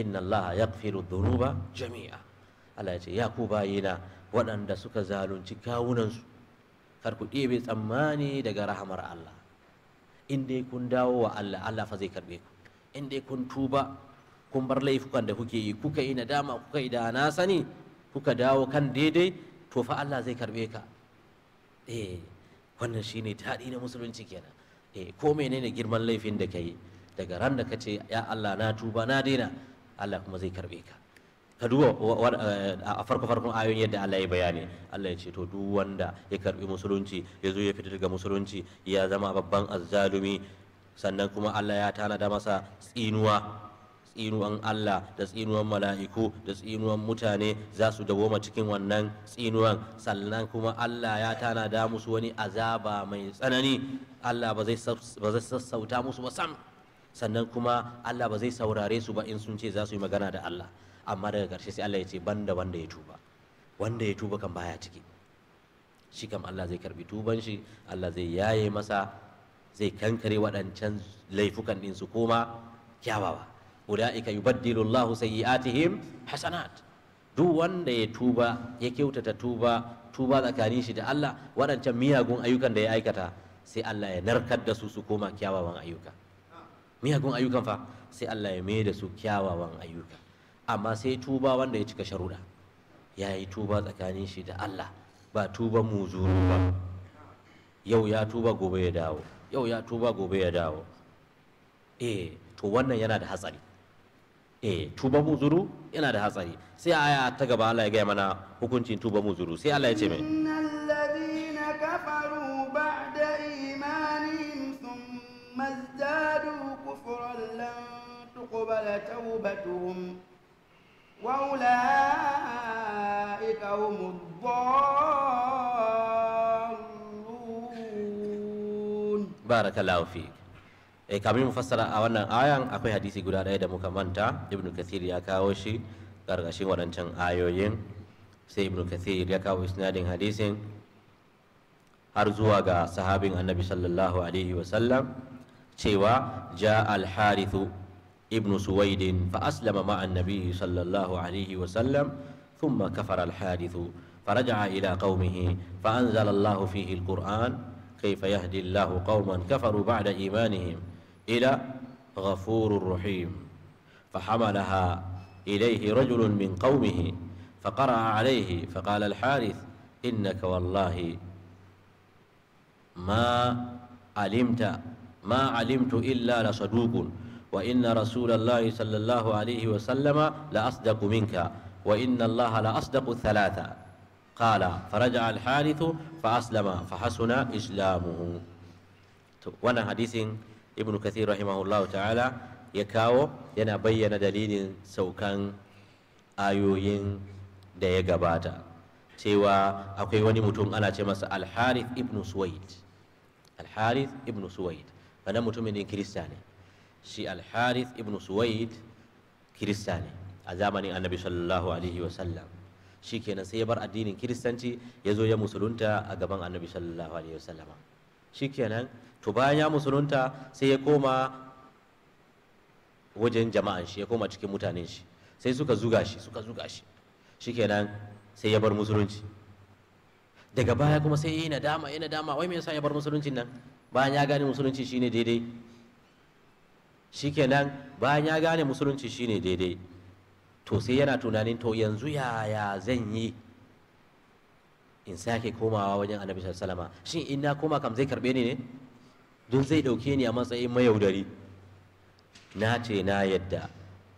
إن الله يغفر الذنوب جميعا الله يسأل يا كوباينا ونندسك زالون تكاونا فاركو إيبت أماني دقا رحمة الله in dai kun dawo wa Allah Allah fa zai karbe ku in dai kun tuba kun bar laifukan da kuke yi kuka yi nadama kuka yi da na sani kuka dawo kan daidai to fa Allah zai karbe ka eh wannan shine daɗi na musulunci kenan eh ko menene girman laifin da kai daga ran da kace ya Allah na tuba na daina Allah kuma zai karbe ka ka duba eh, a farko farkon ayoyin yadda Allah ya bayani Allah ya ce to duk wanda ya karbi musulunci ya zo ya fita daga musulunci ya zama babban azzalumi sannan kuma Allah ya tanada masa tsinuwa tsinuwan Allah da tsinuwan mala'iku da tsinuwan mutane za su dawoma cikin wannan tsinuwan sannan kuma Allah ya tanada musu wani azaba mai tsanani Allah ba zai sassauta musu ba sam sannan kuma Allah ba zai saurare su ba in sun ce za su yi magana da Allah amma daga ƙarshe sai Allah ya ce banda wanda ya tuba wanda ya tuba kan baya ciki shi kam Allah zai karbi tuban shi Allah zai yaye masa zai kankare waɗancan laifukan ɗin su koma kyawawa ulaika yubaddilu Allahu sayyi'atihim hasanat duk wanda ya tuba ya kyautata tuba tuba tsakanin shi da Allah waɗancan miyagun ayyukan da ya aikata sai Allah ya narkar da su su koma kyawawan ayyuka miyagun ayyukan fa sai Allah ya mai da su kyawawan ayyuka amma sai tuba wanda ya cika sharuda ya yi tuba tsakanin shi da Allah ba tuba muzuru ba yau ya tuba gobe ya dawo yau ya tuba gobe ya dawo eh to wannan yana da hatsari eh tuba muzuru yana da hatsari sai aya ta gaba Allah ya gaya mana hukuncin tuba muzuru sai Allah ya ce mai ثم ازدادوا كفرا لن تقبل توبتهم وأولئك هم kamin mu fassara a wannan ayan akwai hadisi guda ɗaya da muka manta ibnu kathir ya kawo shi ƙarƙashin waɗancan ayoyin sai ibnu kathir ya kawo isnadin hadisin har zuwa ga sahabin annabi sallallahu alaihi wasallam cewa ja al-harithu ابن سويد فأسلم مع النبي صلى الله عليه وسلم ثم كفر الحادث فرجع إلى قومه فأنزل الله فيه القرآن كيف يهدي الله قوما كفروا بعد إيمانهم إلى غفور رحيم فحملها إليه رجل من قومه فقرأ عليه فقال الحارث إنك والله ما علمت ما علمت إلا لصدوق وإن رسول الله صلى الله عليه وسلم لأصدق منك وإن الله لأصدق الثلاثة قال فرجع الحارث فأسلم فحسن إسلامه وانا حديث ابن كثير رحمه الله تعالى يكاو ينا بيّن دليل سوكان آيوين da ya gabata cewa akwai wani الحارث ابن سويد الحارث ابن سويد أنا alharith ibn suwaid shi al-harith ibn suwaid kirista ne a zamanin annabi sallallahu alaihi wasallam shi kenan sai ya bar addinin kiristanci ya zo ya musulunta a gaban annabi sallallahu alaihi wasallam shi kenan to bayan ya musulunta sai ya koma wajen jama'an shi ya koma cikin mutanen shi sai suka zuga shi suka zuga shi shi kenan sai ya bar musulunci daga baya kuma sai ya yi nadama ya nadama wai me yasa ya bar musulunci nan bayan ya gane musulunci shine daidai shikenan bayan ya gane musulunci shine daidai to sai yana tunanin to yanzu yaya zan yi in sake komawa wajen annabi sallama shin in na koma kam zai karbe ni ne don zai dauke ni a matsayin mayaudari na ce na yadda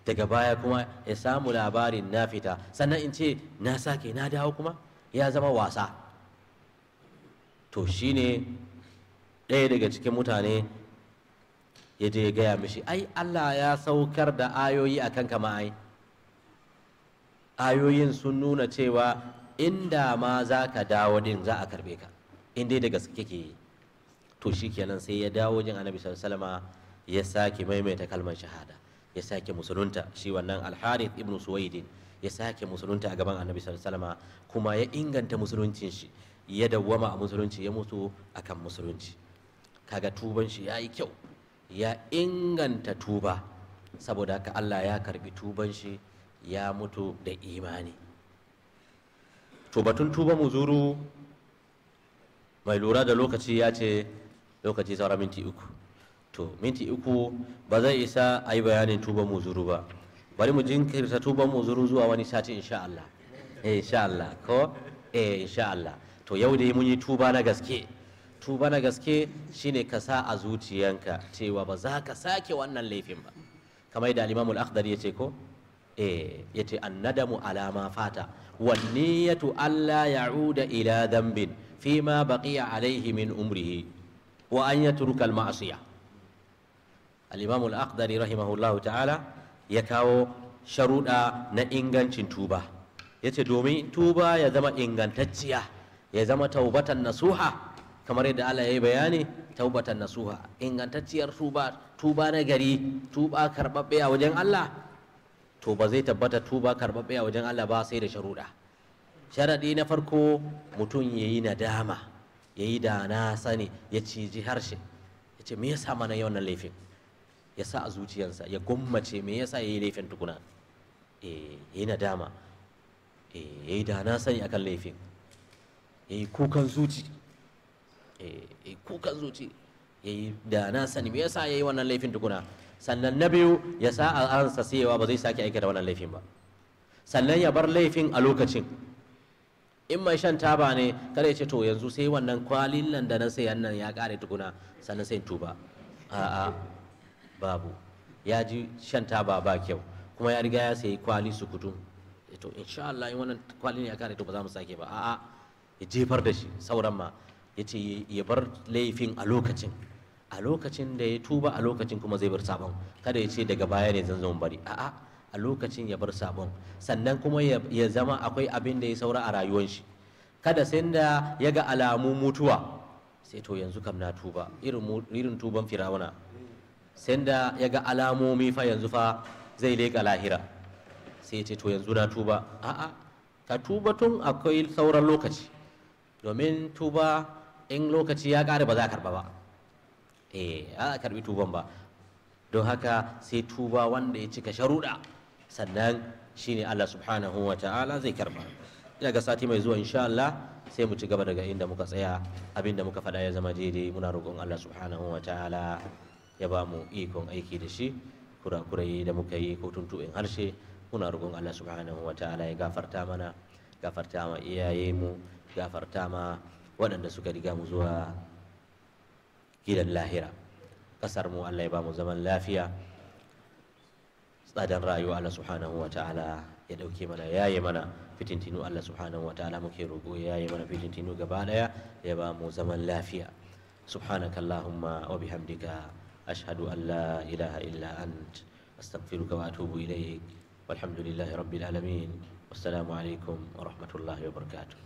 daga baya kuma ya samu labarin na fita sannan in ce na sake na dawo kuma ya zama wasa to shine ɗaya daga cikin mutane ya je ya gaya mishi ai Allah ya saukar da ayoyi a kan kama ai ayoyin sun nuna cewa inda ma za ka dawo din za a karbe ka in dai da gaske ke yi to kenan sai ya dawo jin annabi sallallahu ya sake maimaita kalmar shahada ya sake musulunta shi wannan al-harith ibn suwaidin ya sake musulunta a gaban annabi sallallahu kuma ya inganta musuluncin shi ya dawwama a musulunci ya mutu akan musulunci kaga tuban shi yayi kyau ya inganta tuba saboda ka Allah ya karbi tuban shi ya mutu da imani to tuba muzuru mai lura da lokaci ya ce lokaci saura minti uku to minti uku ba zai isa a yi bayanin tuba muzuru ba bari mu jinkirta tuba muzuru zuwa wani sati insha Allah eh, insha Allah ko eh insha Allah to yau dai mun yi tuba na gaske tuba na gaske shine ka sa a zuciyanka cewa ba za ka sake wannan laifin ba kamar da al-Imam al-Akhdari yace ko eh yace annadamu ala ma fata wan niyatu alla ya'uda ila dhanbin fima baqiya alayhi min umrihi wa an yatruka al-ma'siyah al-Imam al-Akhdari rahimahullahu ta'ala ya kawo sharuda na ingancin tuba yace domin tuba ya zama ingantacciya ya zama taubatan nasuha kamar yadda Allah ya yi bayani taubatan nasuha ingantacciyar tuba tuba na gari tuba karɓaɓɓe a wajen Allah to ba zai tabbata tuba karɓaɓɓe a wajen Allah ba sai da sharuɗa sharaɗi na farko mutum ya yi nadama ya yi da na sani ya ciji harshe ya ce me yasa mana yau nan laifin ya sa a zuciyarsa ya gummace me yasa ya yi laifin tukuna eh ya yi nadama eh ya yi da na sani akan laifin ya yi kukan zuci Eh, eh, kukan zuci da na sani me yasa yi wannan laifin tukuna sannan na biyu ya sa a sayewa ba zai sake aikata wannan laifin ba sannan ya bar laifin a lokacin in mai shan taba ne kada ya ce to yanzu sai wannan kwalin nan da na sai nan ya kare tukuna sannan sai tuba a'a babu ya ji shan taba ba kyau kuma ya riga ya sayi kwali su sukutu eh, to insha Allah in wannan kwalin ya kare to ba za mu sake ba a'a ya jefar da shi sauran ma ya ce ya bar laifin a lokacin a lokacin da ya tuba a lokacin kuma zai bar sabon kada ya ce daga baya ne zan zama bari a'a a lokacin ya bar sabon sannan kuma ya zama akwai abin da ya saura a rayuwar shi kada sai da ya ga alamu mutuwa sai to yanzu kam na tuba irin tuban firawuna sai da ya ga alamomi fa yanzu fa zai leka lahira sai ce to yanzu na tuba a'a ka tuba tun akwai sauran lokaci domin tuba in lokaci ya ƙare ba za a karba ba eh a karbi tuban ba don haka sai tuba wanda ya cika sharuɗa sannan shine Allah subhanahu wa ta'ala zai karba ina ga sati mai zuwa insha Allah sai mu ci gaba daga inda muka tsaya abinda muka faɗa ya zama daidai muna roƙon Allah subhanahu wa ta'ala ya ba mu ikon aiki da shi kurakurai da muka yi ko tuntuɓin harshe muna roƙon Allah subhanahu wa ta'ala ya gafarta mana gafarta ma iyaye gafarta ma waɗanda suka riga mu zuwa gidan lahira ƙasar mu Allah ya ba mu zaman lafiya tsadan rayuwa Allah subhanahu wa ta'ala ya ɗauke mana yaye mana fitintinu Allah subhanahu wa ta'ala muke roƙo yaye mana fitintinu gaba ɗaya ya ba mu zaman lafiya subhanaka allahumma wa bihamdika ashhadu an la ilaha illa ant astaghfiruka wa atubu ilayk walhamdulillahi rabbil alamin wassalamu alaikum wa rahmatullahi wa barkatu.